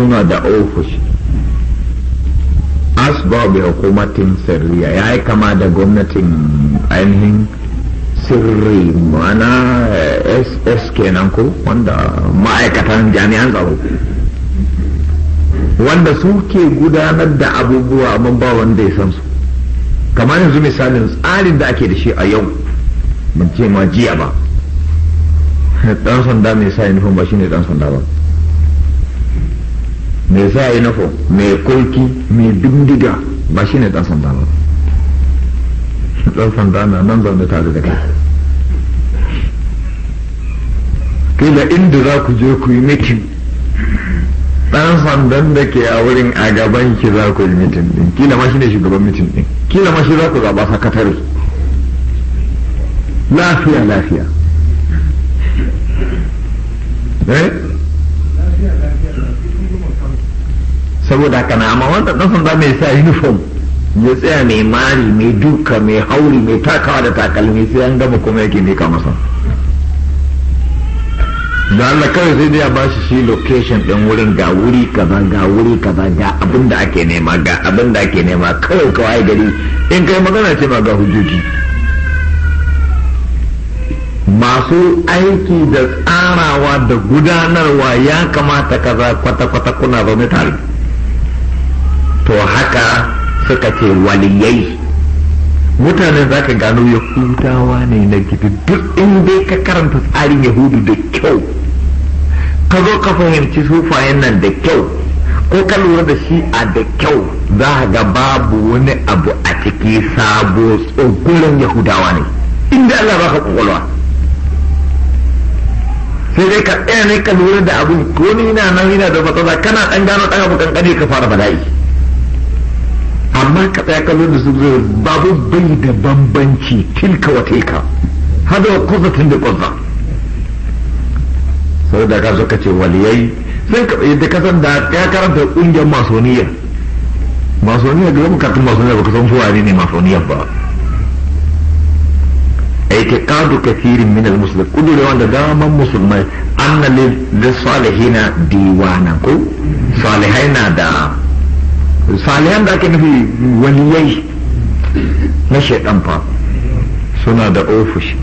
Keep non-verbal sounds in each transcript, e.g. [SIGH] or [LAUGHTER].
suna da ofishi asba bi hukumatin sirriya ya yi kama da gwamnatin ainihin sirri mana ss eh, kenan ko wanda ma'aikatan jami'an tsaro wanda suke gudanar da abubuwa amma ba wanda ya san su kamar yanzu misalin tsarin da ake da shi a yau ce ma jiya ba ɗan [LAUGHS] sanda mai sa uniform ba shi ne ɗan sanda ba mai sa yunifom mai kulki mai bindiga ba shi ne dan sanda ba dan sanda na nan zaune tare da kai kila inda za ku je ku yi mitin dan sandan da ke a wurin a gaban ki za ku yi mitin din kila ma shi ne shugaban mitin din kila ma shi za ku zaba sakatare lafiya lafiya eh saboda haka na amma wanda dan sanda mai sa uniform ya tsaya mai mari mai duka mai hauri mai takawa da takalmi sai an gama kuma yake kama sa. da Allah kawai sai dai ya ba shi shi location ɗin wurin ga wuri kaza ga wuri kaza ga abin da ake nema ga abin da ake nema kawai kawai gari in kai magana ce ma ga hujjoji masu aiki da tsarawa da gudanarwa ya kamata kaza kwata-kwata kuna zaune tare to haka suka ce waliyai mutanen za ka gano yahudawa ne na gidi duk in dai ka karanta tsarin yahudu da kyau ka zo ka fahimci sufayen nan da kyau ko ka lura da shi a da kyau za ga babu wani abu a ciki sabo tsogulan yahudawa ne inda Allah ba ka kwakwalwa sai dai ka tsaya ne ka lura da abin ko ni na nan yana da matsala kana dan gano dan abu kankane ka fara bala'i amma ka tsaya kallon da su zai babu bai da bambanci tilka wa tilka hada wa kuzatin da kuzza sau da ka zo ce waliyai sai ka tsaye ka san da ya karanta kungiyar masoniyar masoniyar da zama kartun masoniyar ba ka san kowa ne masoniyar ba اعتقاد كثير من المسلمين كل لو أن دائما مسلمين أن للصالحين ديوانا na da. salihan da ake nufi waliyai na shaidan fa suna da ofishi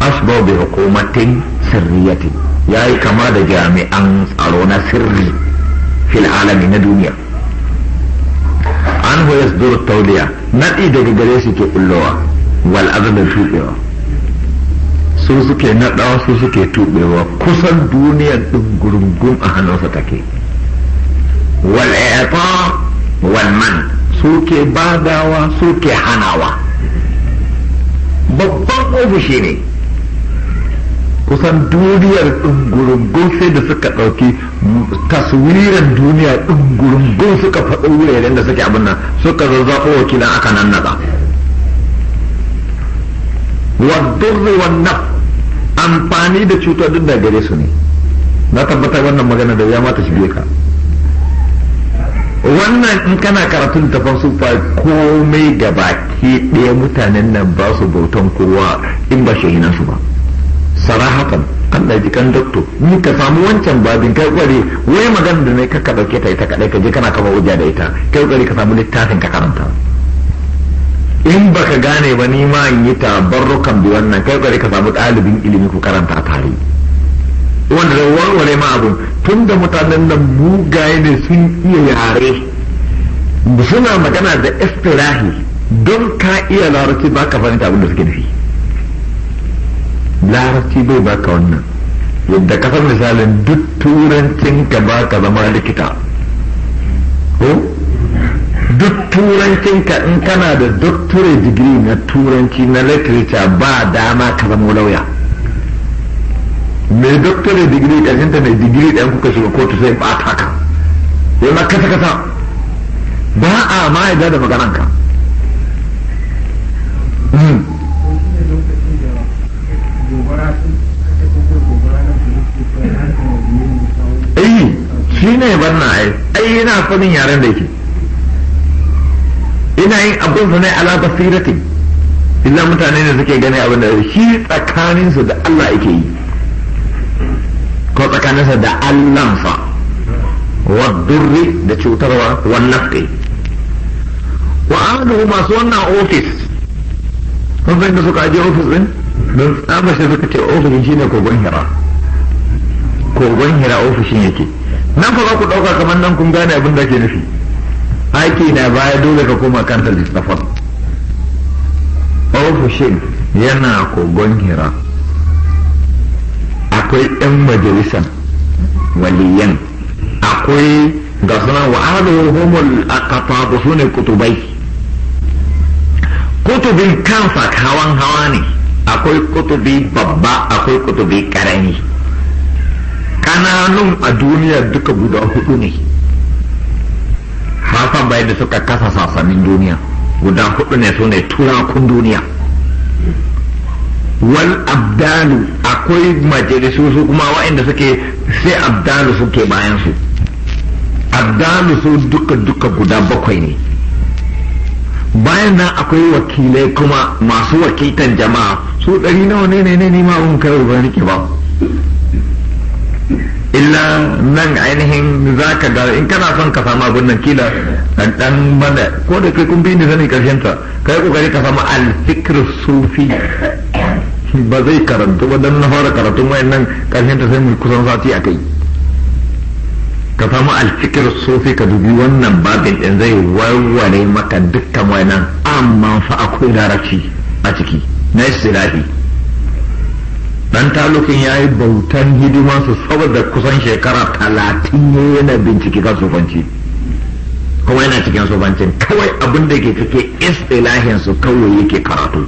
asbau bi hukumatin sirriyati ya yi kama da jami'an tsaro na sirri fil alami na duniya an hoyas duru tauliya naɗi daga gare su ke kullowa wal azabin tuɓewa su suke naɗawa su suke tubewa kusan duniyar din gurgun a hannunsa take والإعطاء والمن suke badawa suke hanawa babban ofishi ne kusan duniyar ɗungurin sai da suka ɗauki taswirar duniya ɗungurungun suka faɗo wuraren da suke abin nan suka zazzaɓo wakilan aka nan naɗa wadurri wannan amfani da cutar duk da gare su ne na tabbatar wannan magana da ya mata shi ka wannan in kana karatun ta falsufa komai da baki ɗaya mutanen nan ba su bautan kowa in ba shahinan su ba sarahatan an ji kan dokto ni ka samu wancan babin kai kware wai magana da ne ka ka dauke ta ita kadai ka je kana kafa hujja da ita kai kware ka samu littafin ka karanta in baka gane ba ni ma in yi tabarrukan bi wannan kai kware ka samu ɗalibin ilimi ku karanta a tare wanda zai warware ma abin tun da mutanen nan mugaye ne sun iya yare suna magana da istirahi don ka iya larabci ba ka fahimta abin da suke nufi larabci bai ka wannan yadda kasar misalin duk turancin ka ba ka zama likita ko duk turancin ka in kana da doctorate degree na turanci na literature ba dama ka zama lauya mai doctorate digiri ƙarshen ta mai digiri ɗayan kuka shiga kotu sai ba ta ka sai ma kasa kasa ba a ma ya da maganan ka hmm. eh, shi ne banna ai ai yana fadin yaren da yake ina yin abin sa ne ala basirati illa mutane ne suke gani abin da shi tsakaninsu da Allah yake yi ko tsakaninsa da Allah fa wa durri da cutarwa wannan nafi wa amalu masu wannan ofis kun san da suka ajiye ofis din don tsabashi suka ce ofis ne kogon hira kogon hira ofishin yake nan fa za ku ɗauka kamar nan kun gane abin da ke nufi aiki na baya dole ka koma kanta littafin ofishin yana kogon hira akwai yan majalisan waliyan akwai ga suna kafa aluhumul su ne kutubai kutubin kansa hawan hawa ne akwai kutubi babba akwai kutubi karami kananun a duniya duka guda hudu ne hasan bai da suka kasa sasannin duniya guda hudu ne su ne turakun duniya wal abdalu akwai majalisu su kuma waɗanda suke sai abdalu suke bayan su abdalu su duka duka guda bakwai ne bayan nan akwai wakilai kuma masu wakiltan jama'a su ɗari nawa ne ne ne ma mun kai ba nake ba illa nan ainihin za ka ga in kana son ka samu abin nan kila dan bada ko da kai kun bi ni sani karshen ta kai kokari ka samu alfikir sufi ba zai karatu ba don na fara karatun wayan nan karshen ta sai mu kusan sati a kai ka samu alfikir sofi ka dubi wannan babin ɗin zai warware maka dukkan an amma fa akwai larabci a ciki na istilahi dan talukin ya yi bautan hidima su saboda kusan shekara talatin ne yana bincike kan sofanci. kuma yana cikin sofancin kawai abin da ke cike istilahin su kawai yake karatu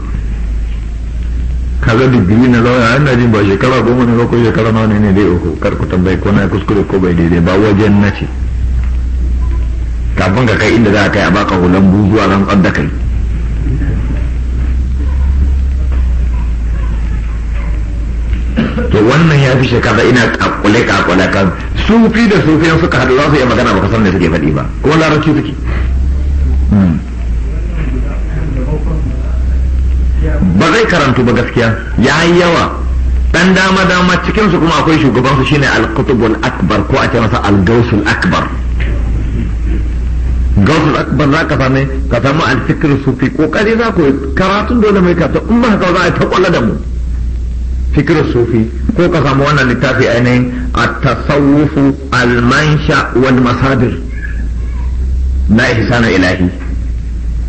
kaga digiri na a ina jin ba shekara goma ne ko shekara na ne ne dai uku kar ku tambaye ko na kuskure ko bai daidai ba wajen na ce kafin ka kai inda za a kai a baka hulan buzuwa rantsar da kai to wannan ya fi shekara ina kakule kakule kan sufi da sufiyan suka hadu za su yi magana ba kasar ne suke faɗi ba kuma larabci suke hmm. karantu ba gaskiya ya yi yawa dan dama dama cikin su kuma akwai shugaban su shine al-qutbul akbar ko a ce masa al-gausul akbar gausul akbar za ka same ka samu al-fikr sufi kokari za ku karatun dole mai karatu in ba ka za a takwala da mu fikr sufi ko ka samu wannan littafi ainihin at-tasawwuf al-mansha wal masadir na ihsana ilahi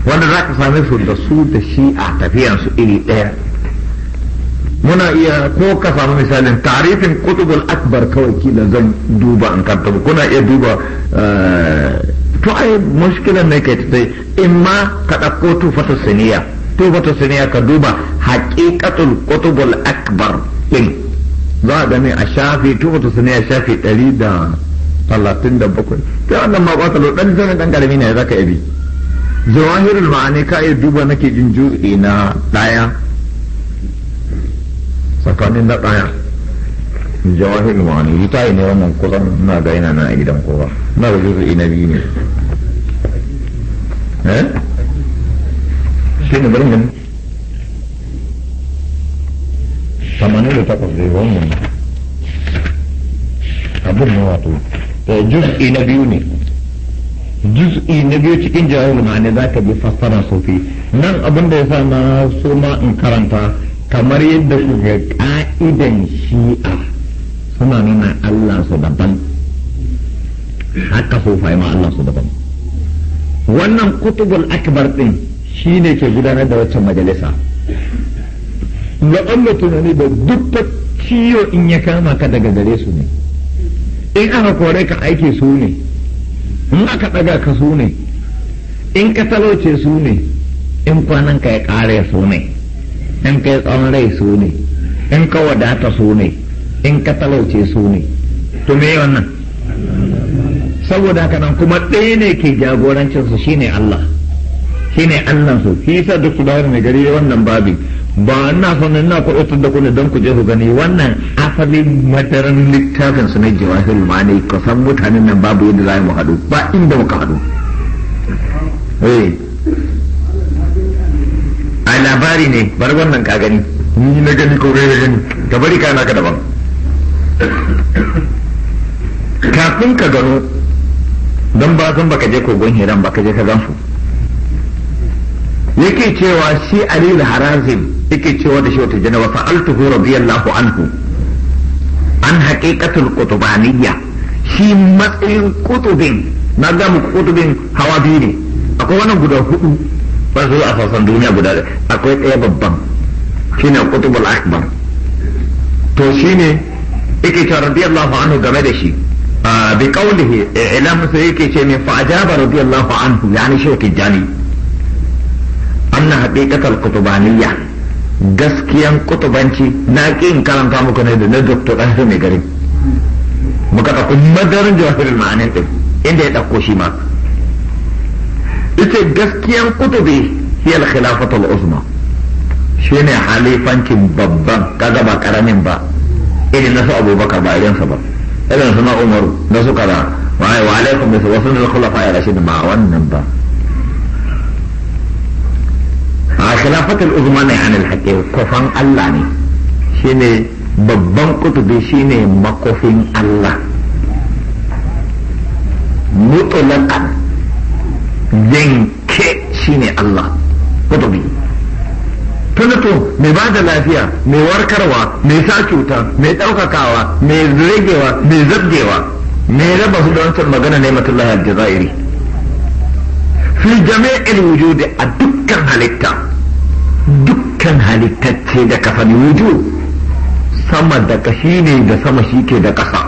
wanda za ka same su da su da shi a tafiyansu iri ɗaya muna iya ko ka samu misalin tarifin kutubul akbar kawai kila zan duba an karta kuna iya duba eh, to ai mushkilan ne kai tai in ma ka ɗauko tufata saniya tufata saniya ka duba haƙiƙatul kutubul akbar ɗin za a gani a shafi tufata saniya shafi ɗari da talatin da bakwai ta wannan ma ɓata lo ɗan zama ɗan ƙarami ne zaka iya bi zuwahir ma'ani ka yi duba nake jin juzi na daya tsakanin na daya zuwahir ma'ani yi ta yi ne wannan kusan na gaina na gidan kowa na da juzi na ne eh shi ne bari gani tamanin da takwas zai wannan abin ne wato da eh, juzi na biyu ne juz'i na biyu cikin jawabin ne za ka bi fassara sufi nan abin da ya sa na so ma in karanta kamar yadda su ga ka'idan shi'a suna nuna Allah su daban haka sufai ma Allah su daban wannan kutubul akbar din shi ne ke gudanar da wacce majalisa la'alla tunani da duk ciyo in ya kama ka daga gare su ne in aka kore ka aiki su ne in aka ɗaga ka su ne in ka talauce su ne in kwanan ka ya ƙare su ne in ka yi tsawon rai su ne in ka wadata su ne in ka talauce su ne to me wannan saboda haka nan kuma ɗaya ne ke jagorancinsu shine Allah shine Allah su fi sa duk su bayar mai gari wannan babi ba ina son ina tun da ku don ku je ku gani wannan asalin madaran littafin su ne jawahirul mani ka san mutanen nan babu yadda za mu haɗu ba inda muka haɗu eh. a labari ne bar wannan ka gani ni na gani ko kai gani ka bari kana ka daban kafin ka gano don ba san baka je kogon hiran baka je ka gansu yake cewa shi alil harazim yake cewa da shi wata jana wa fa'altuhu radiyallahu anhu an haqiqatul qutbaniyya shi matsayin qutubin na ga muku qutubin hawa biyu ne akwai wannan guda hudu ba su a fasan duniya guda akwai ɗaya babban shine qutubul akbar to shine yake cewa radiyallahu anhu game da shi bi qawlihi e, ilam sai yake ce min fa ajaba radiyallahu anhu yani shi tijani anna haqiqatul qutbaniyya gaskiyan kutubanci na kin karanta muku ne da na doktor ɗansu mai gari muka ɗauko madarin jawahirin ma'anin ɗin inda ya ɗauko shi ma ita gaskiyan kutubi hiyar khilafatul uzma shine halifancin babban kaga ba karamin ba irin nasu abubakar ba irinsa ba irin na umaru na su kaza wa alaikum bisa wasu na khulafa ya rashid ma wannan ba a khilafatul uzma ne anil haqqi kofan Allah ne shine babban kutubi shine makofin Allah mutlaqan zinke shine Allah kutubi tunato mai ba da lafiya mai warkarwa mai sa cuta mai ɗaukakawa mai ragewa mai zabgewa mai raba su da wancan magana ne matullahi aljazairi fi jami'in wujudi a dukkan halitta dukkan halittacce da kafan wujud sama da kashi ne da sama shi ke da kasa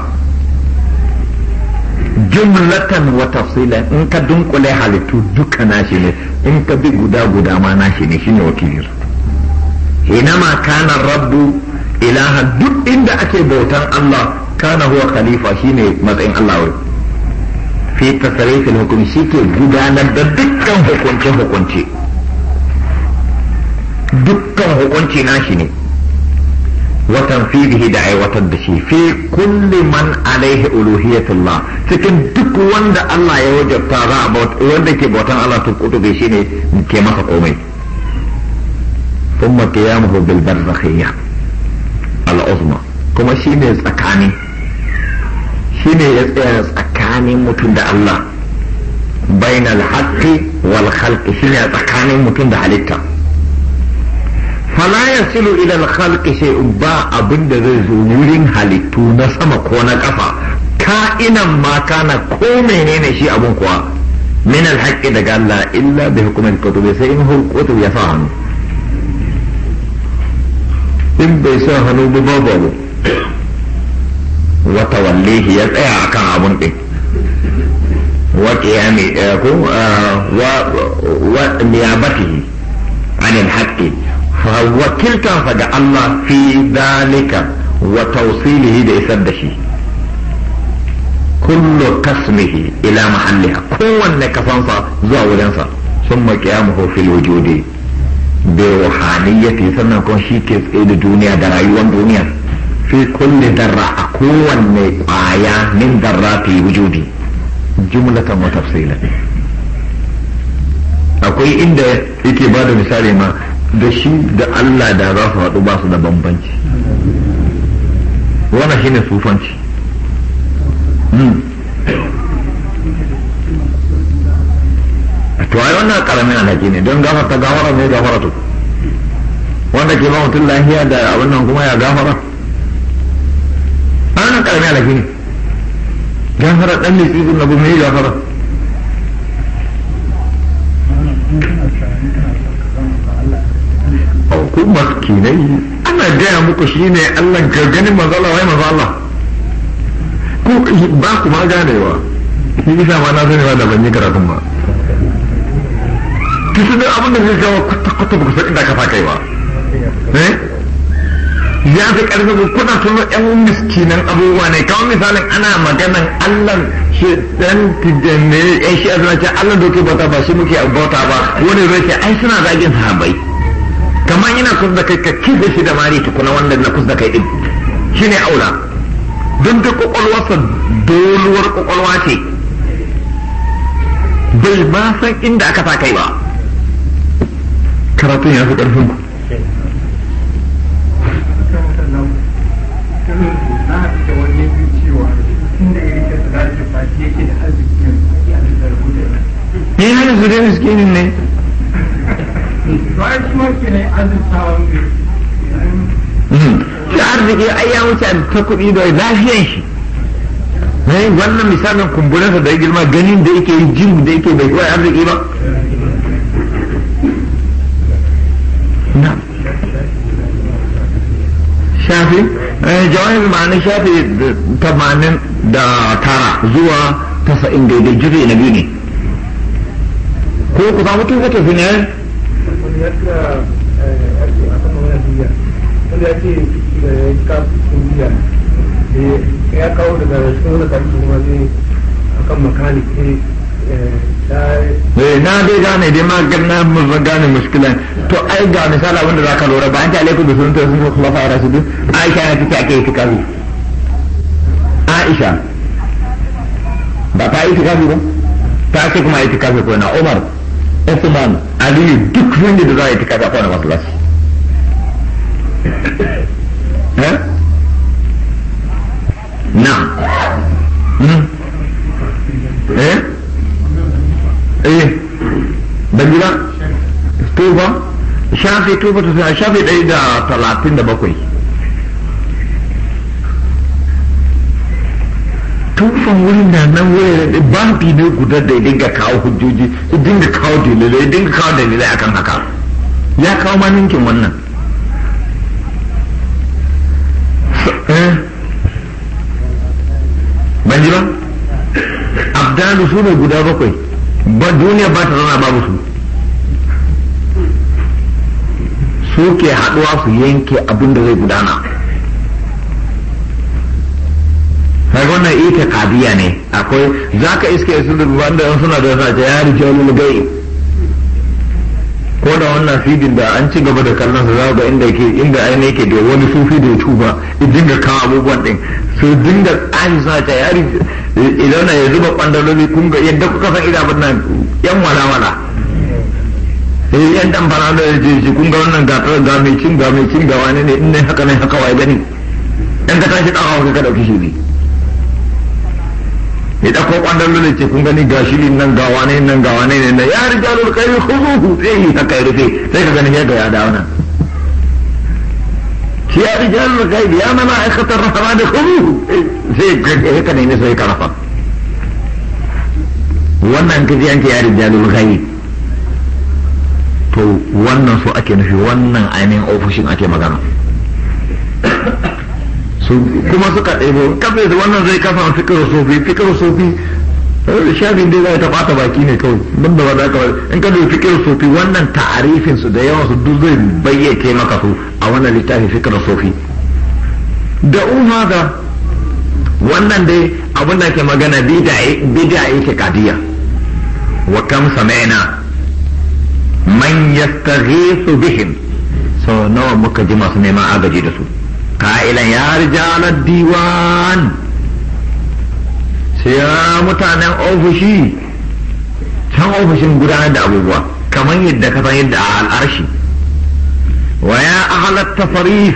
jumlatan wa tafsilan in ka dunkule halittu duka nashi ne in ka bi guda guda ma nashi ne shine wakilin ma kana rabbu ilaha duk inda ake bautan Allah kana huwa khalifa shine matsayin Allah wai fi tasarifin hukumi shi ke gudanar da dukkan hukunce hukunce dukkan hukunci nashi ne watan fidihi da aiwatar da shi fi kulli man alaihi uluhiyatullah cikin duk wanda Allah ya wajabta za a wanda ke bautan Allah to kutube shi ne ke masa komai thumma qiyamuhu bil barzakhiyya al-uzma kuma shi ne tsakani shi ne ya tsaya tsakani tsakanin mutum da Allah bainal haqqi wal khalqi shine tsakanin mutum da halitta fala yasilu ila al khalqi shay'un ba abinda zai zo wurin halittu na sama ko na kafa ka'inan ma kana ko menene shi abun kuwa min al haqqi daga Allah illa bi hukumin kutubi sai in hul kutubi ya sa in bai sa hannu ba babu wata wallihi ya tsaya akan abun din wa ta'ala ya ce wa ya ni ya ku kilka fa da allah fi dalika wa tawsilihi da isar da shi kullu qasmihi ila mahalliha kowanne sa zuwa wajensa sun makiya mu ko fil wujudi bi ruhaniyati sannan kon shi ke tsaye da duniya da rayuwar duniya fi kulli darra a kowanne kwaya min darra fi wujudi jumlatan wa tafsilan akwai inda yake ba da misali ma da shi da Allah da za su haɗu ba su da bambanci wannan shine sufanci hmm. to ai wannan karamin alhaji ne don gafarta gafara ne gafaratu wanda ke ba mutum lahiya da abin nan kuma ya gafara ɗan ƙarami alaƙi ne gafara ɗan ne tsibin na gumi gafara ku maskinai ana gaya muku shi ne allah ka ganin mazala wai mazala ko ba ku ma ganewa ni isa ma na zanewa da ban yi karatun ba ki su abin da zai zama kwata-kwata ba ku sa inda kafa kai ba eh ya fi ƙarfi ku kuna tuno ƴan miskinan abubuwa ne kawai misalin ana maganan Allah shi dan tijjanne ya shi azna ce Allah da ke bauta ba shi muke bauta ba wani zai ce ai suna zagin sahabbai kamar yana kusa da kai ka da shi da mari tukuna wanda na kusa da kai din ne aula don ta kwakwalwarsa doluwar kwakwalwa ce bai ba san inda aka sa kai ba karatun ya fi ƙarfin ku ne su ga miskinin ne hmm. shi arziki ai ya wuce ta kuɗi da lafiyan shi ne eh, wannan misalin kumburinsa da ya girma ganin da yake yi jin da yake bai kuwa arziki ba shafi eh, jawabi ma'ana shafi tamanin da tara zuwa tasa'in daidai jirgin na biyu ne ko ku ba mutum kake fi ne ya kawo daga sun da karfi kuma zai akan na dai gane dai ma gane muskilan to ai ga misali wanda za ka lura ba an ta alaikum da sunan sun kuma fara su aisha ya take ake yi aisha ba ta yi ba ta ce kuma yi ko na umar osman aliyu duk wanda da za a yi tuka zafa na masallaci na eh eh bangira tuba shafi tuba ta shafi ɗari da talatin da bakwai tumfin wurin da nan wurin babi ne guda da ya dinga kawo hujjoji ya dinga kawo dalilai ya dinga kawo dalilai akan haka ya kawo ma ninkin wannan eh? ban ji ba abdalu su ne guda bakwai ba duniya ba ta zana babu su su ke haɗuwa su yanke abin da zai gudana wannan kadiya ne akwai za ka iske su da wanda suna da sace ya rike wani gai ko da wannan fidin da an ci gaba da kallon sa za ga inda yake inda aina yake da wani sufi da ya tuba ya dinga kawo abubuwan din su dinga tsayin sace ya rike idan ya zuba bandaloli kun ga yadda kuka san idan nan yan wala-wala eh yan dan fara da shi kun ga wannan gatar ga mai cin ga mai cin ga wani ne in ne haka ne haka wai gani dan ka tashi dawo ka dauki shi ne ya ɗauko ƙwandon lulun ce kun gani gashi din nan ga wane nan ga wane ne na ya riga lul kai khuzuhu sai ka haka ya rufe sai ka gani ya ga ya dawo nan ki ya riga lul kai ya mana aikatar rahama da khuzuhu sai ga haka ne sai ka rafa wannan kaji an ce ya riga lul kai to wannan so ake nufi wannan ainihin ofishin ake magana kuma suka ɗebo kafin su wannan zai kafa fikar sufi fikir sufi eh, shafin dai za ta tafata baki ne kawai ban da wanda aka in ka dubi fikar sufi wannan ta'arifin da yawan su duk zai bayyake maka su a wannan littafi fikar sufi da umma da wannan dai abin da ke magana e- bid'a yake kadiya wa kam samena man yastaghisu bihim sau nawa muka ji masu neman agaji da su قائلا يا رجال الديوان سيا متانا أوفشي كان أوفشين قدانا دا أبوبوا yadda يدى كما يدى على الأرشي ويا أهل التفريف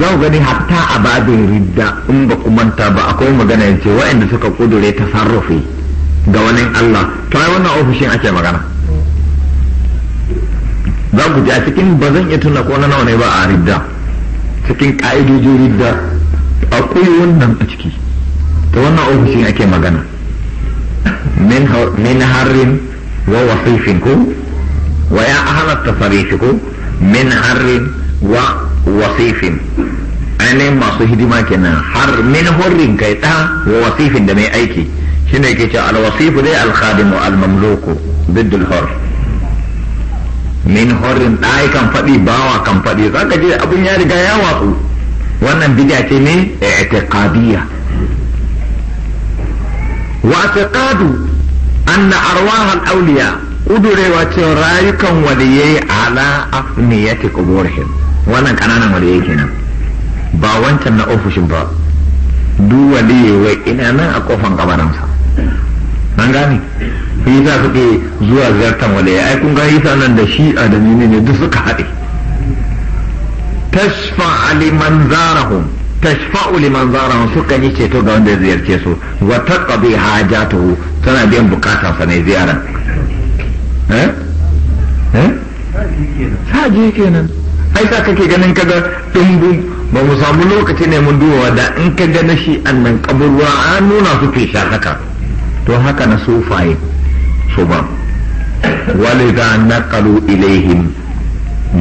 zau gani hatta a babin ridda in ba ku manta ba akwai magana ya ce suka kudure tasarrufi ga wani Allah to ai wannan ofishin ake magana za ku ji a cikin ba zan iya tuna ko na nawa ne ba a ridda cikin ƙa'idojin ridda akwai wannan a ciki ta wannan ofishin ake magana min harin wa wasifin ko wa ya ahana tasarifi ko min harin wa wasifin ainihin masu hidima kenan har min hurrin kai ta wa wasifin da mai aiki shine ke ce alwasifu dai alkhadimu almamluku biddul hur min horin ɗaya kan faɗi bawa kan faɗi za ka je abin ya riga ya watsu wannan bid'a ce ne i'tiqadiyya wa i'tiqadu anna arwah al-awliya wa ce rayukan waliyai ala afniyati quburihim wannan kananan waliyai kenan ba wancan na ofishin ba duk wai ina nan a kofan kabarinsa an gani. shi yasa suke zuwa ziyartar wale ai kun ga yasa nan da shi a da ne duk suka haɗe tashfa aliman zarahum tashfa liman zarahum suka yi ceto ga wanda ziyarce su wa taqdi hajatuhu tana biyan bukatar sa ne ziyara eh eh nan kenan ai sa kake ganin kaga dumbun ba mu samu lokaci ne mun duba da in ka ga na shi annan kaburwa an nuna su fi haka to haka na sufaye su ba walidha naqalu ilaihim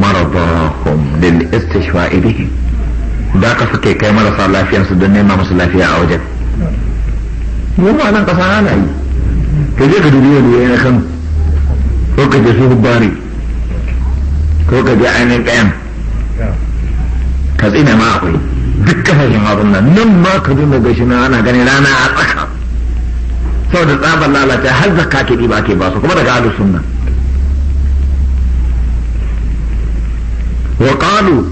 maradahum lil istishfa'i bihim da ka suke kai marasa lafiyarsu don nema musu lafiya a wajen mu ma nan kasa ana yi ka je ka dubi wani yana kan ko ka je su Bari ko ka je ainihin ɗayan ka tsina ma akwai duk kasashen abin nan nan ma ka dinga gashi na ana ganin rana a tsaka saboda tsabar lalata har zakka ke ba ke ba su kuma daga ahlus sunna wa qalu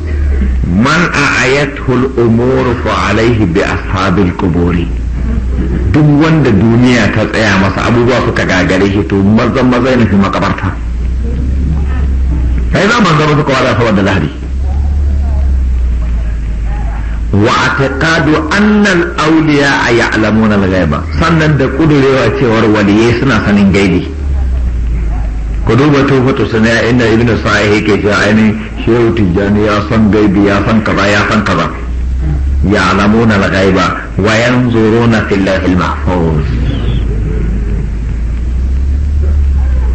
man a'ayathu al-umur fa alayhi bi ashabil quburi duk wanda duniya ta tsaya masa abubuwa suka gagare shi to mazan mazan ne fi makabarta sai za a suka wada saboda lahadi واعتقاد أن الأولياء يعلمون الغيب sannan da kudurewa cewar waliyai suna sanin gaibi ku duba tufatu sana inda ibnu sa'ih yake cewa ainihin shehu tijjani ya san gaibi ya san kaza ya san kaza wa الغيب وينظرون في الله mahfuz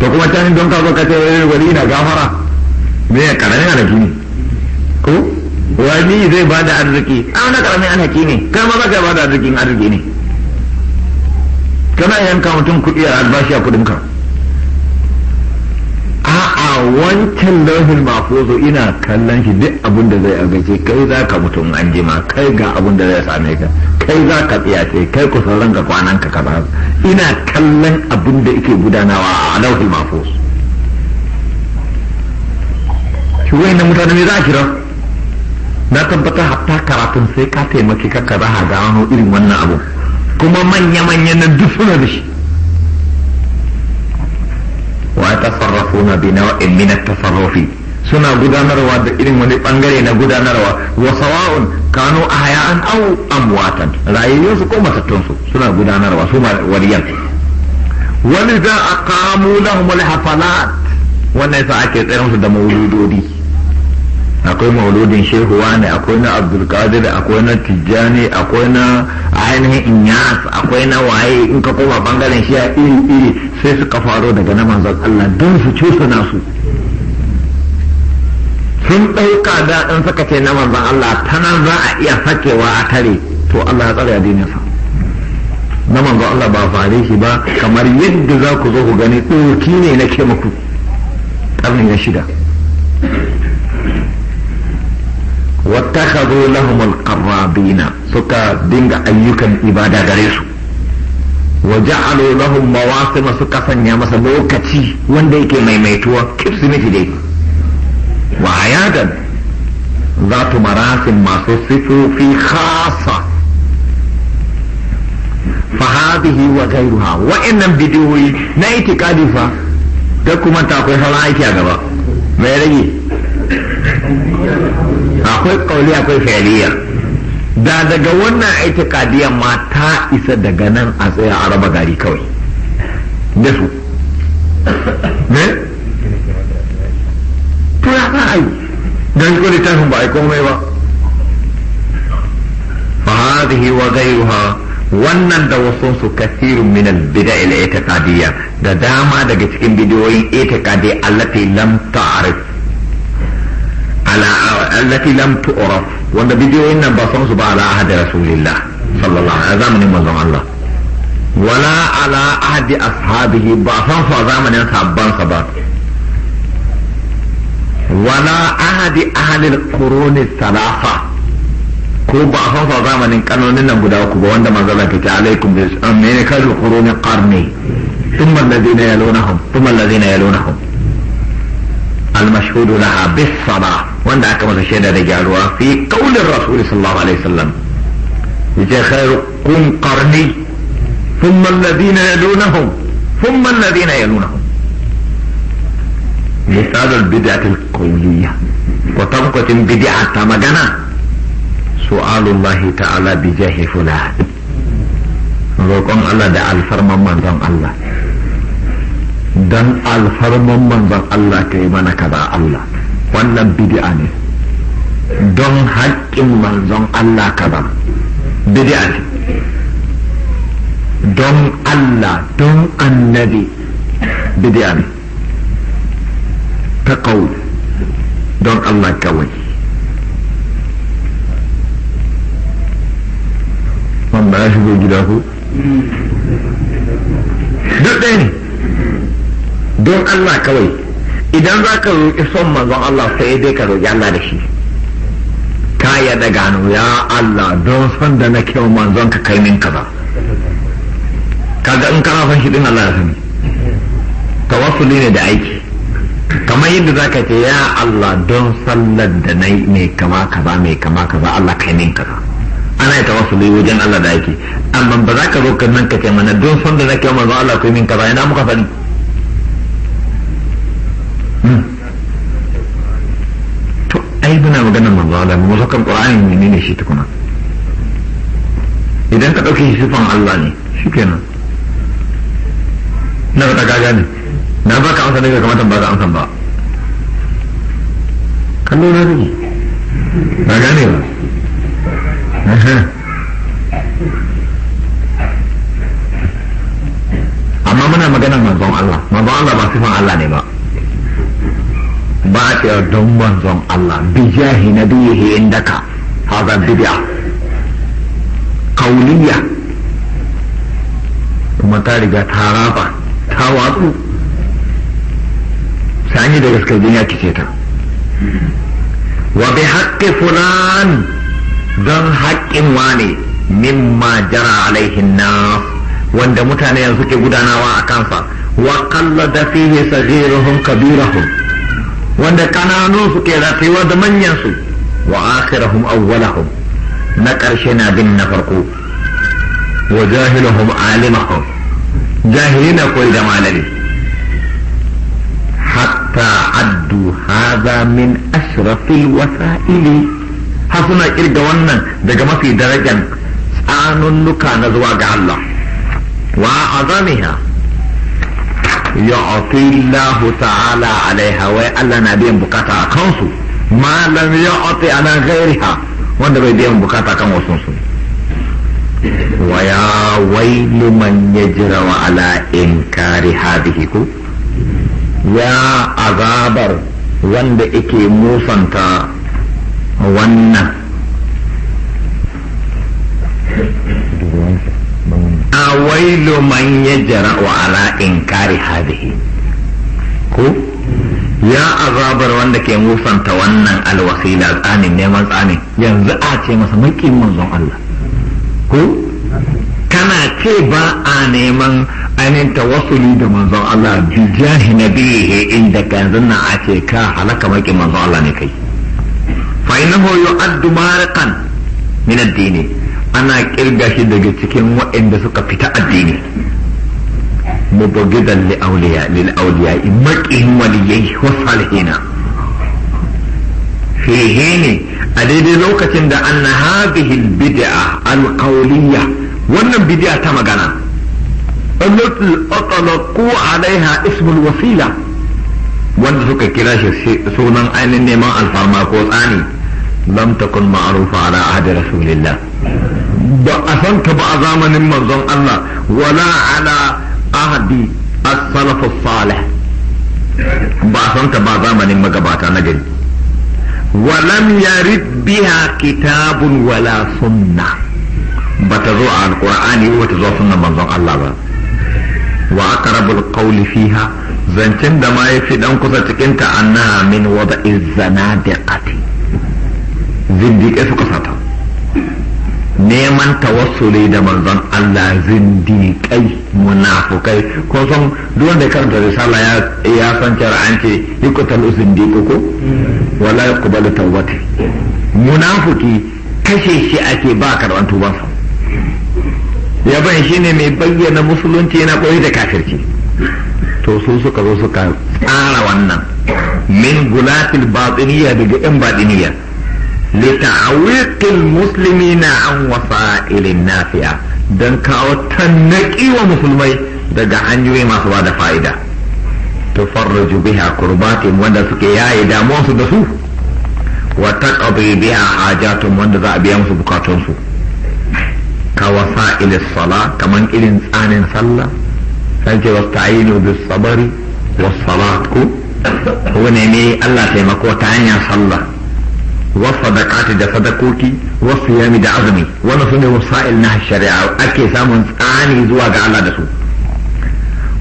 to kuma can don ka zo ka ce wani na gafara me ya karami a ko wani zai ba da arziki a wani karamin alhaki ne kai ma ka ba da arzikin arziki ne kana yanka mutum kuɗi a albashi a kuɗinka a'a wancan lauhin mafozo ina kallon shi duk abin da zai agace kai za ka mutum an jima kai ga abin da zai same ka kai za ka tsiyace kai ku sauran kwanan ka kaza ina kallon abin da yake gudanawa a lauhin mafozo shi wani mutane ne za a kira na tabbatar hatta karatun sai ka taimaki ka ka zaha gano irin wannan abu kuma manya-manya na duk suna da shi wa na bi min at-tasarrufi suna gudanarwa da irin wani bangare na gudanarwa wa sawa'un kanu ahya'an aw amwatan su ko matattunsu suna gudanarwa su wariyar wani za a kamu lahumul hafalat wannan yasa ake tsayar musu da mauludodi akwai mauludin shehu wani akwai na abdulkadir akwai na tijjani akwai na ainihin inyas akwai na waye in ka koma bangaren shi a iri iri sai suka faro daga na manzan Allah don su su nasu sun ɗauka da ɗan suka ce na manzan Allah ta za a iya sakewa a tare to Allah ya tsara tsare addininsa na manzan Allah ba fare shi ba kamar yadda za ku zo ku gani ɗoki ne na ke muku ƙarni na shida wata ka zo lahumar karabina suka dinga ayyukan ibada gare su waje a lo lahumawa su masu kasanya masa lokaci wanda yake maimaituwa kirsi mai fide wa a yadda za tu marasin masu sifofi khasa fahadi yi wa bidiyoyi na yi fa ta kuma takwai hawa a gaba mai rage akwai kauli akwai shari'a da daga wannan aitikadiyan ma ta isa daga nan a tsaye a raba gari kawai da su to ya ka ai yi don ko sun ba a yi komai ba fa hadhihi wa ghayruha wannan da su kasirun min albida ila itiqadiyya da dama daga cikin bidiyoyin itiqadi allati lam ta'rif التي لم تعرف وانا بديو ان بصر سبا على عهد رسول الله صلى الله عليه وسلم من منظم الله ولا على عهد اصحابه بصر سبا زمن سبان سبا ولا عهد اهل القرون الثلاثة كو بصر سبا زمن قانون ان قدوا كو بوان دم عليكم من كل قرون قرني ثم الذين يلونهم ثم الذين يلونهم المشهود لها بالصلاة وانا اكمل شيئا رجالها في قول الرسول صلى الله عليه وسلم يجي خير قم قرني ثم الذين يلونهم ثم الذين يلونهم مثال البدعة القولية وطبقة بدعة مجنة سؤال الله تعالى بجاه فلان نقول الله دعا الفرما من الله dan alfarman manzon Allah kai mana kaza Allah wannan bid'a ne don haƙƙin manzon Allah kaza bid'a ne don Allah don annabi bid'a ne ta kauli don Allah kawai wanda ya shigo gida ko duk ɗaya ne don Allah kawai idan za ka roƙi son manzon Allah sai dai ka roƙi Allah da shi ka da gano ya Allah don son da na kyau manzon ka kai min kaza kaga in kana son shi din Allah ya sani tawassuli ne da aiki kamar yadda za ka ce ya Allah don sallar da na mai kama kaza mai kama kaza Allah kai min kaza ana yi tawassuli wajen Allah da aiki amma ba za ka kan nan ka ce mana don son da na kyau manzon Allah kai min kaza ina muka sani to ai muna maganar manzo Allah mu sakan qur'ani menene shi tukuna idan ka dauke sifan Allah ne shikenan na ba ka gane na ba ka amsa ne ga kamata ba amsa ba kallo na ne ba gane ba amma muna maganar manzon Allah manzon Allah ba sifan Allah ne ba ba a don manzon Allah bijahi na biyihi indaka haza bid'a kauliya kuma ta riga ta raba ta watsu sani da gaske jin ya kice ta wa bi haqqi fulan don haqqin wani mimma jara alaihin na wanda mutane yanzu ke gudanawa a kansa wa qallada fihi saghiruhum kabirahum wanda kananu suke rafewa da manyansu wa akhirahum awwalahum na ƙarshe na bin na farko wa jahilahum alimahum jahili na koyi da malami hatta addu hadha min ashrafil wasa'ili har suna kirga wannan daga mafi darajar tsanunnuka na zuwa ga Allah wa azamiha يعطي الله تعالى عليها وألا نبي بكاتا أكنسو ما لم يعطي على غيرها wanda bai biyan bukata kan waya wailu man yajra wa ala inkari hadhihi ku ya azabar wanda yake musanta wannan wailu man yajra'u ala inkari hadhihi ko ya azabar wanda ke musanta wannan alwasila tsanin neman tsani yanzu a ce masa makin manzon Allah ko kana ce ba a neman ainihin tawassuli da manzon Allah bi jahi nabihi inda ka yanzu na a ka halaka maki manzon Allah ne kai fa innahu yu'addu mariqan min ad ana kirga shi daga cikin waɗanda suka fita addini mubagidan li awliya lil awliya waliyai wa salihina ne a daidai lokacin da an na al bid'a al qawliya wannan bid'a ta magana allati atlaqu alaiha ismul wasila wanda suka kira shi sunan ainihin neman alfarma ko tsani lam takun ma'rufa ala ahdi rasulillah ba a san ka ba a zamanin manzon Allah wala ala ahadi as-salaf salih ba a san ka ba zamanin magabata na gari walam yarid biha kitabun wala sunna bata zo a alqur'ani ko ta zo sunnan manzon Allah ba wa aqrabul qawli fiha zancen da ma yafi dan kusa cikin ta annaha min wada'iz zanadiqati zindiqai suka sata neman tawassuli da manzon Allah zindiƙai munafukai ko san duk wanda karanta risala ya ya san cewa an ce yuqtalu zindiqu ko wala yuqbalu tawbati munafiki kashe shi ake ba karban tuban sa shi shine mai bayyana musulunci yana koyi da kafirci to su suka zo suka tsara wannan min gulatil batiniya daga yan batiniya لتعويق المسلمين عن وسائل نافعة دان كاو تنكي ومسلمي دقا حنجوي ما سوا فائدة تفرج بها كرباتهم وندا سكي ياي دامون سدسو وتقضي بها حاجاتهم وندا ذا بيام سبقاتهم سو كوسائل الصلاة كمان إلين آن صلى فجر واستعينوا بالصبر والصلاة كو هو نمي الله تيمكو تانيا صلى والصدقات ده صدقوكي والصيام ده عظمي ونصني وسائل نهى الشريعة أكي سامن آني زواج على دسو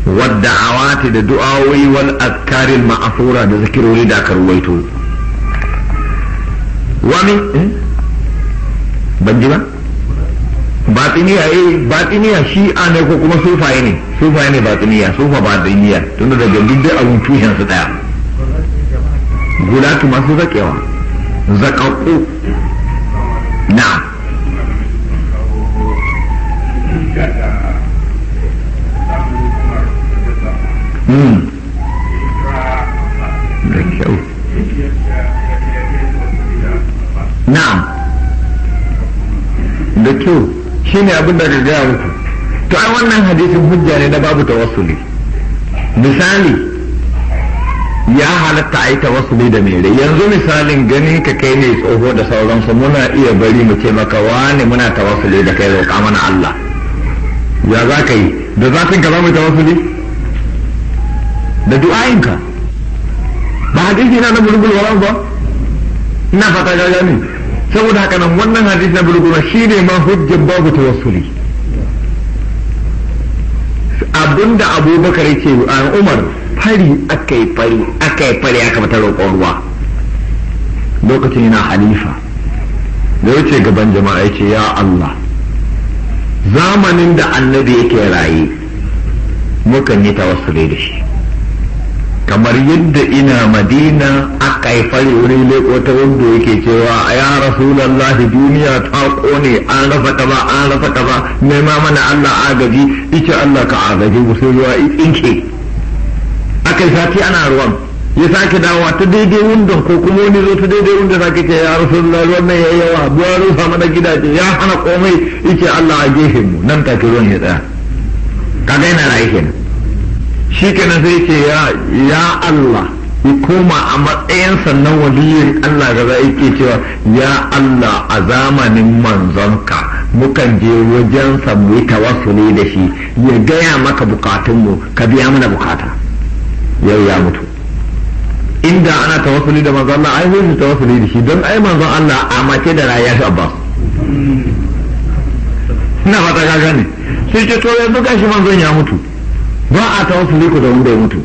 والدعوات ده دعاوي والأذكار المعصورة ده ذكر ولد أكرويتو ومن بنجبا batiniya eh batiniya shi a ne ko kuma sufaye ne sufaye ne batiniya sufa batiniya tunda daga duk da abun tushen su daya masu zakewa zakakku na Da hmm. kyau. shi ne abin da ka gaya muku. To ai wannan hadisin hujja ne da babu tawassuli. Misali, ya halatta a yi wasu da mere yanzu misalin ganin ka kai ne tsoho da sauransu muna iya bari mu ce maka wani muna tawassuli da kai roƙa mana Allah ya za ka yi da zafin ka za mu tawassuli da ka ba hadisi na na bulbul wala ba ina fata ga gani saboda haka nan wannan hadisi na bulbul shi ne ma hujjar babu tawassuli abinda abubakar yake umar fari aka yi fari aka yi fari aka fitar roƙon ruwa lokacin yana halifa da wuce gaban jama'a ya ce ya Allah zamanin da annabi yake raye mukan yi tawassule da shi kamar yadda ina madina aka yi fari wani leƙo ta wanda yake cewa a ya rasu lallahi duniya ta kone an rafa ta an rafa ta ba nema mana Allah agaji ice Allah ka agaji musulwa in ke aka yi sati ana ruwan ya sake dawowa ta daidai wundon ko kuma wani zo ta daidai wundon sake ce ya rasu ruwan nan ya yawa buwa rufa mana gidaje ya hana komai yake Allah a gefen mu nan take ruwan ya tsaya kaga yana rayu kenan shi kenan sai ce ya Allah ya koma a matsayin sannan waliyin Allah gaba yake cewa ya Allah a zamanin manzonka mukan je wajensa mu yi tawassuli da shi ya gaya maka bukatunmu ka biya mana bukata yau ya mutu inda ana tawassuli da manzon Allah ai zai tawassuli da shi don ai manzon Allah a mace da ya shi Abbas ina fata ka gane sai ce to yanzu gashi manzon ya mutu ba a tawassuli ku da wanda ya mutu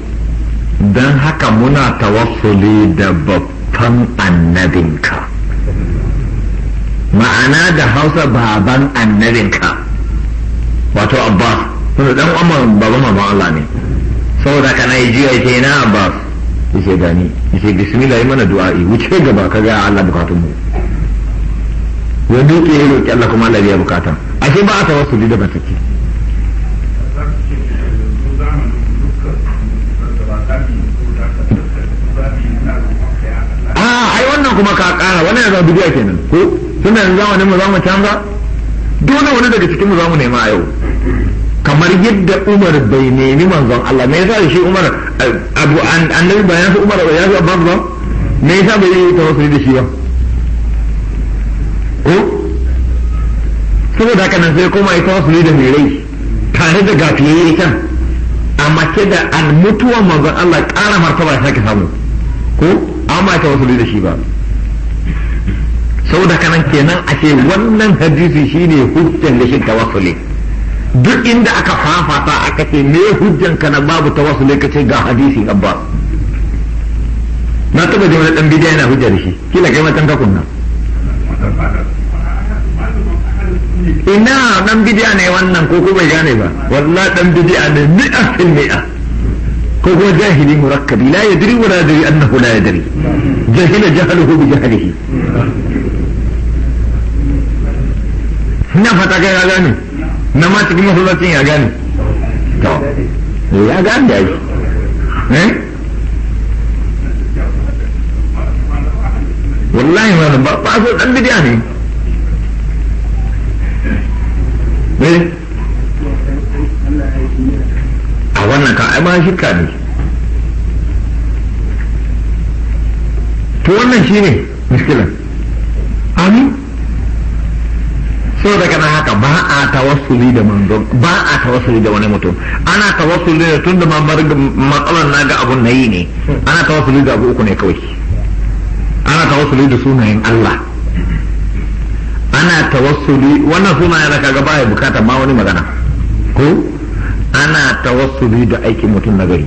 don haka muna tawassuli da babban annabinka ma'ana da hausa baban annabinka wato abba dan umar baban mamman Allah ne saboda ka na jiya ce na ya ce gani ce bismillah yi mana du'a'i wuce gaba ka ga Allah bukatun mu ya duke ya roƙi Allah kuma Allah ya bukata ashe ba a su da bataki ah, ai wannan kuma ka kara wannan ya zama bidiya kenan ko tunda yanzu zamanin mu zamu canza dole wani daga cikin mu zamu nema a yau kamar yadda Umar bai nemi manzon Allah me yasa shi Umar eh, abu annabi ba ya Umar ba ya babu ba me yasa bai yi tawassuli da shi ba ko saboda haka sai kuma ya tawassuli da mai rai tare da gafiye kan a mace da an mutuwa manzon Allah ƙara martaba ya sake samu ko amma ya tawassuli da shi ba saboda kanan kenan a ce wannan hadisi shine hujjan da shi tawassuli duk inda aka fafata aka ce me hujjanka na babu wasu ne kace ga hadisi abba. na taba ji wani dan bidiya yana hujja da shi kila kai matan ka kunna ina dan bidiya ne wannan ko kuma gane ba wallahi dan bidiya ne mi'a fil mi'a ko kuma jahili murakkabi la yadri wa la yadri annahu la yadri jahila jahluhu bi jahlihi na fata kai gane na ma cikin masallacin ya gane to ya gane da shi eh wallahi ma ba ba so dan bidiya ne eh a wannan ka ai ma shirka ne to wannan shine muskilan amin sau daga na haka ba a tawassuli da manzon ba a tawassuli da wani mutum ana tawassuli da tun da matsalar na ga abun na yi ne ana tawassuli da abu uku ne kawai ana tawassuli da sunayen Allah ana tawassuli wannan sunayen da kaga baya bukata ma wani magana ko ana tawassuli da aikin mutum na gari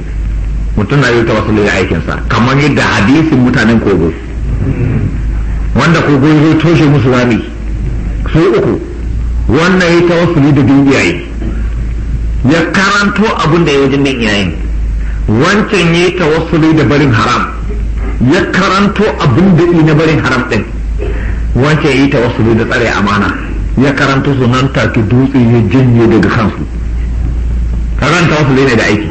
mutum na yi tawassuli da aikinsa kamar yadda hadisin mutanen kogo wanda kogo ya toshe musu rami sai uku wannan ya tawassuli da bin iyaye ya karanto abin da ya wajen bin iyayen wancan ya tawassuli da barin haram ya karanto abin da na barin haram din wancan ya yi tawassuli da tsare amana ya karanto su nan take dutse ya janye daga kansu karanta tawassuli ne da aiki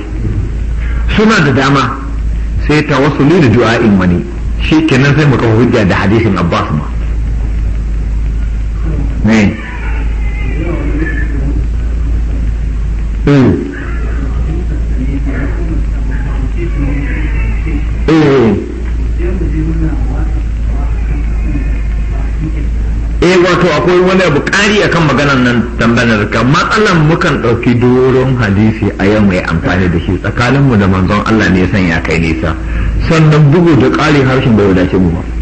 suna da dama sai tawassuli da du'a'in wani shi kenan sai mu kafa hujja da hadisin Abbas ma ne hmm. eh wato akwai wani abu ƙari akan maganan nan tambayar ka matsalan mukan ɗauki doron hadisi a yau mai amfani da shi tsakaninmu da manzon Allah ne ya sanya kai nisa sannan bugu da ƙari harshen bai wadace mu ba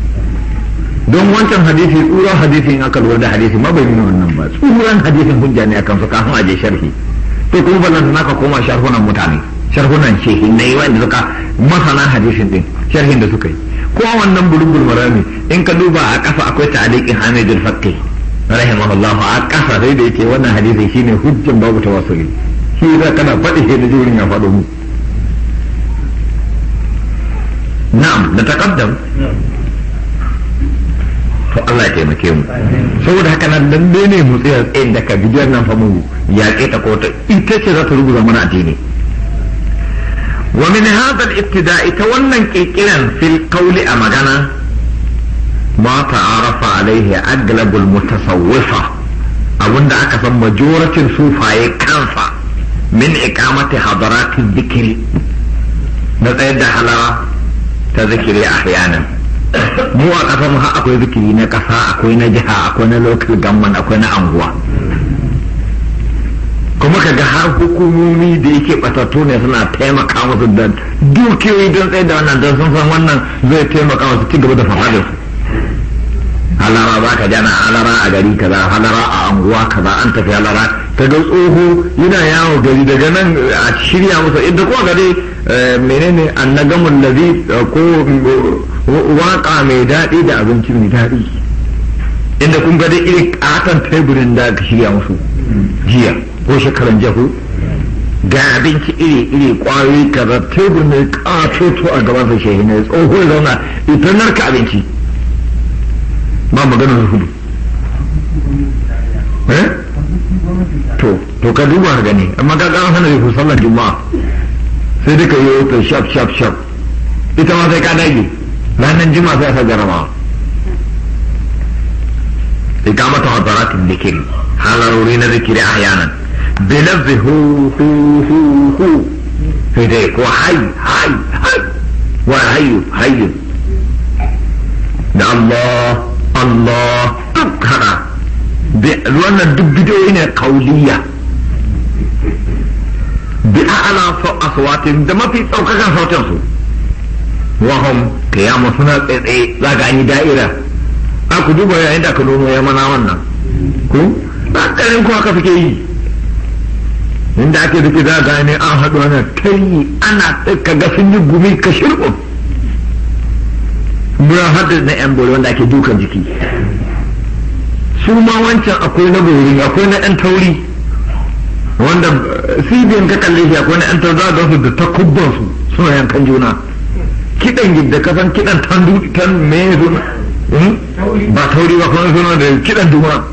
don wancan hadisi tsuran hadisi in aka lura da hadisi ma bai nuna wannan ba tsuran hadisin hujja ne akan su kafin a sharhi to kuma ballan naka koma sharhunan mutane sharhunan shehi na yi wanda suka masana hadisin din sharhin da suka yi ko wannan bulubul marami in ka duba a kafa akwai ta'liqin Hamidul fakki rahimahullahu a kafa sai da yake wannan hadisi shine hujjan babu tawassuli shi da kana faɗi shi da jurin ya faɗo mu na'am da taqaddam fa Allah ya taimake mu saboda haka nan dan ne mu tsaya tsayin da ka bidiyar nan fa mu yaƙe ta kota ita ce za ta rubuta mana addini wa min hadha al-ibtida'i ita wannan kirkiran fil qawli a magana ma ta'arafa alaihi aglabul mutasawwifa abinda aka san majoratin sufaye kansa min iqamati hadaratin dhikri na tsayar da halara ta zikiri ahyanan mu a ƙasar mu akwai zikiri na ƙasa akwai na jiha akwai na local government akwai na anguwa kuma ka ga har hukumomi da yake batattu ne suna taimaka musu da dukiyoyi don tsaye da wannan don sun san wannan zai taimaka musu ci gaba da fasadar su halara ba ka jana halara a gari kaza halara a anguwa kaza an tafi halara ka ga tsoho yana yawo gari daga nan a shirya musu inda kuma gari eh, menene annagamun lazi eh, ko waƙa mai daɗi da abinci mai daɗi inda kun ga iri a kan teburin da aka shirya musu jiya ko shekaran jahu ga abinci iri iri kwayoyi kaza tebur mai ƙatoto a gaban sa shehi ne tsohon zauna ita narka abinci ba maganar su hudu eh? to to ka duba gani amma ga ga hana ku sallar juma'a sai duka yi wata shaf shaf shaf ita ma sai ka dage معنى الجمعة فيها فجر رمضان إقامة حضرات الذكر حضروا لنا ذكر أحيانا بلفظ هو هو هو هو هديك وحي حي حي وحي حي الله الله تبكرة wannan الدبدوين قولية بأعلى kauliya bi a'ala aswatin da mafi saukakan sautin wahum kiyamu suna tsaye za ka an yi da'ira a ah, ku duba yayin da aka nono ya mana wannan ku ɗanɗarin ku haka fike yi inda ake suke za ka ne an haɗu ana tayi ana ka ga sun yi gumi ka shirɓo muna haɗu na yan bori wanda ake dukan jiki su ma wancan akwai na bori akwai na ɗan tauri wanda eh, sibiyan ka kalle shi akwai na ɗan tauri za a gansu da takubbansu suna yankan juna da yadda san kiɗan tan tan me suna hmm? ba tauri ba kuma suna da kiɗan duma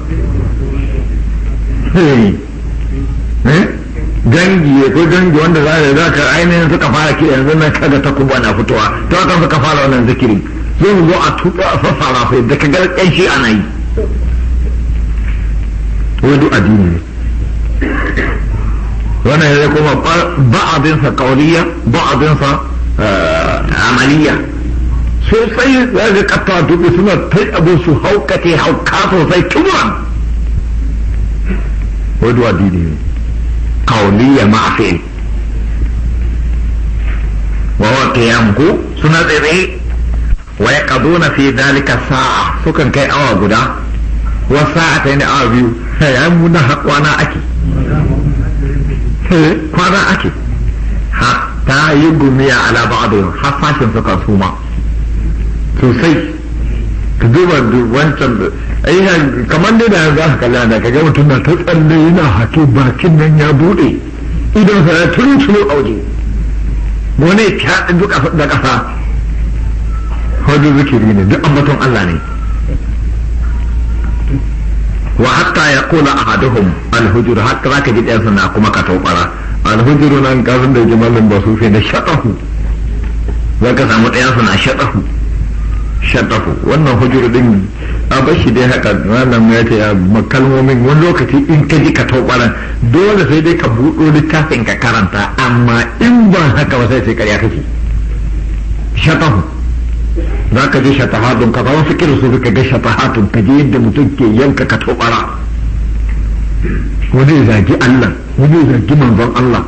gangi eh? ya ko gangi wanda za a za ka ainihin suka fara kiɗa yanzu nan kaga ta kuma na fitowa ta wakan suka fara wannan zikirin zai zo a tuba a fassara sai da kaga ƙan shi ana yi wadu addini ne wannan ya koma ba'adinsa kauriya ba'adinsa عملية sosai za ka kafa dubu suna ta abin su haukate hauka sosai tumuran wadda wadi ne kauliyya mafi wa wata yanku suna tsere wa ya kaduna fi dalika sa'a sukan kai awa guda wa sa'a ta yi awa biyu ya yi muna kwana ake kwana ake ta yi duniya ala ba'adun har sashin suka suma sosai ka duba wancan ayyukan kamar dai da yanzu aka kalla da kaga mutum na ta tsalle yana hake bakin nan ya bude idan sa ya tun tuno a waje wani ya duka da kasa wajen zikiri ne duk ambaton Allah ne wa hatta ya kula ahaduhum alhujur hatta zaka ji ɗayan na kuma ka taubara alhujiru nan kazan da jimalin ba ba sufi da shatahu za ka samu ɗaya suna shatahu shatahu wannan hujuru din a bashi dai haka malam ya ce kalmomin wani lokaci in ka ji ka taubaran dole sai dai ka buɗo littafin ka karanta amma in ba haka ba sai sai karya kake shatahu za ka ji shatahatun ka ba wasu kirisu ka ga shatahatun ka ji yadda mutum ke yanka ka taubara wani ya zagi Allah wani ya zagi manzon Allah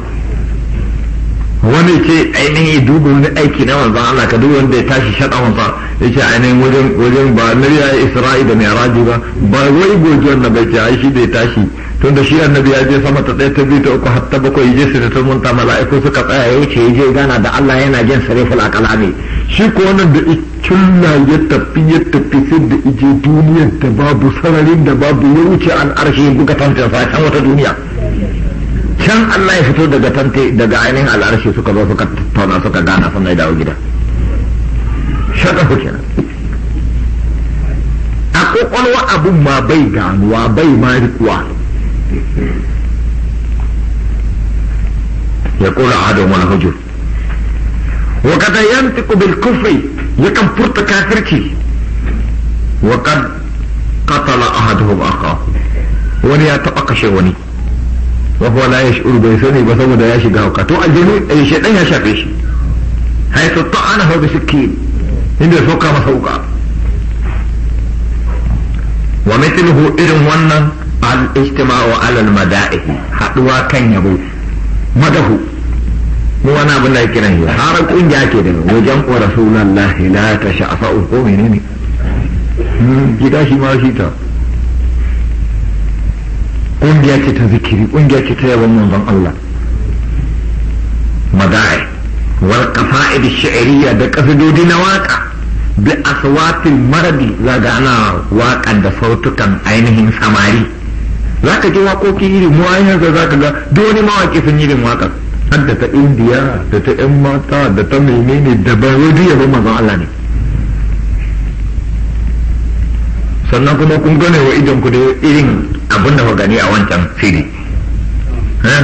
wani ce ainihin duba wani aiki na manzon Allah ka duba wanda ya tashi shaɗa wanzan ya ce ainihin wajen ba na ya isra'i da mai ba ba wai goji wanda bai ce shi da ya tashi tunda shi annabi ya je sama ta ɗaya ta biyu ta uku har ta bakwai je su ta munta mala'iku suka tsaya ya wuce ya je gana da Allah yana jin sariful ne shi ko wannan da ikunna ya tafi ya tafi sai da ije duniyar da babu sararin da babu ya wuce an arshe buga tantan sa kan wata duniya can Allah ya fito daga tante daga ainihin al'arshi suka zo suka tauna suka gana sun ya dawo gida shaka ku kenan a kokolwa abun ma bai ganuwa bai ma rikuwa يقول من الهجر وقد ينطق بالكفر يكن فرط كافرتي وقد قتل أحدهم أخاه وني أتبقى وني وهو لا يشعر بيسوني بسبب لا يشعر تو الجنود أي شيء لا يشعر حيث طعنه بسكين inda سوكا مسوكا ومثله mithluhu irin al-ijtima'u alal mada'ihi haduwa kan yabo madahu mu wani abin da yake nan har kungiya ke da wajen ko rasulullahi la ta sha'fa'u ko ne hmm, gida shi ma shi ta kungiya ce ta zikiri kungiya ce ta yabon manzon Allah mada'i wal qafa'id ash-shi'riyya da kasidodi na waka bi aswatil maradi zaga ana waƙan da sautukan ainihin samari za ka ji waƙoƙi irin yanzu za ka ga dole mawaƙi sun yi irin waƙar hadda ta indiya da ta yan mata da ta menene da ban wajen yabon Allah ne sannan kuma kun gane wa idan ku da irin abin da gani a wancan fili ko eh,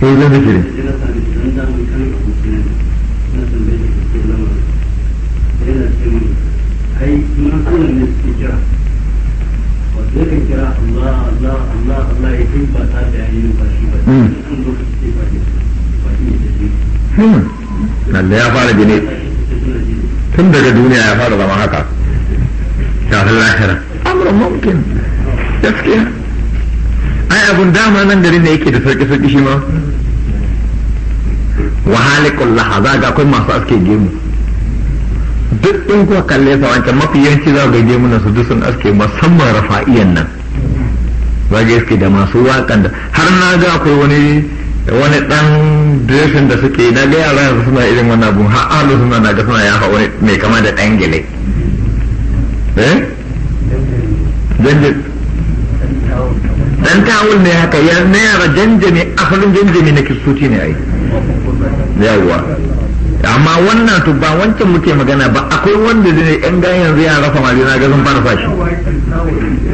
zan da kire da hmm. ya fara jini tun daga duniya ya fara zama haka shafin lahira amuran mumkin gaskiya ai abun dama nan garin da yake da sauƙi-sauƙi shi ma wahalikun lahaza ga akwai masu aske gemu duk in kuwa kalle sa wancan mafi yanci za ga gemu na su dusun aske musamman rafa'iyan nan zage suke da masu waƙan da har na ga akwai wani wani dan dresin da suke na ga yara yanzu suna irin wani abu har alu suna na ga suna yafa wani mai kama da dan gele eh dan tawul ne haka ya ne yara janjani asalin janjani na kiristoci ne ai yawwa amma wannan to ba wancan muke magana ba akwai wanda zai yan ga yanzu ya rafa mali ga zan fara fashi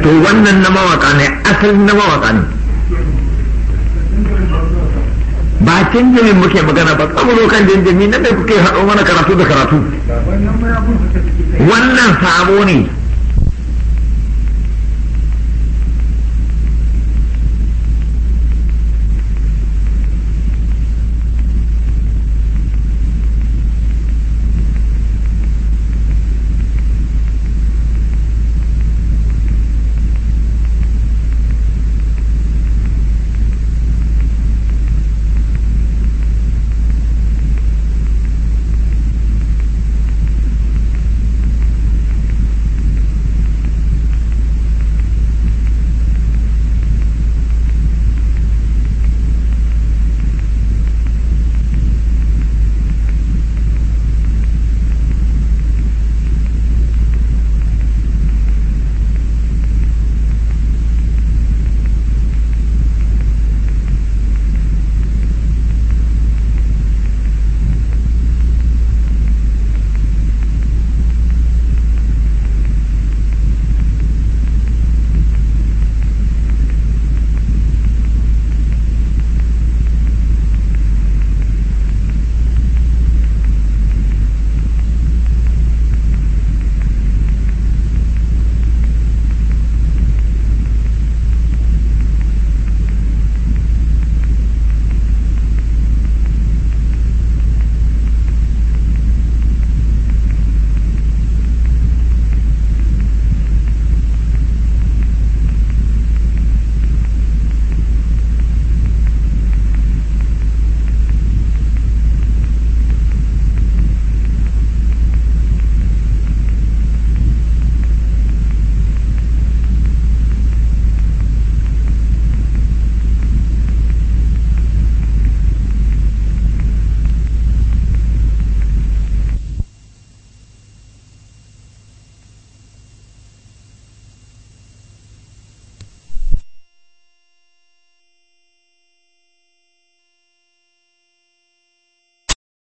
to wannan na mawaka ne asalin na mawaka ne ba canjami muke magana ba tsaburo kan janjami na mai kuke haɗo mana karatu da karatu wannan sabo ne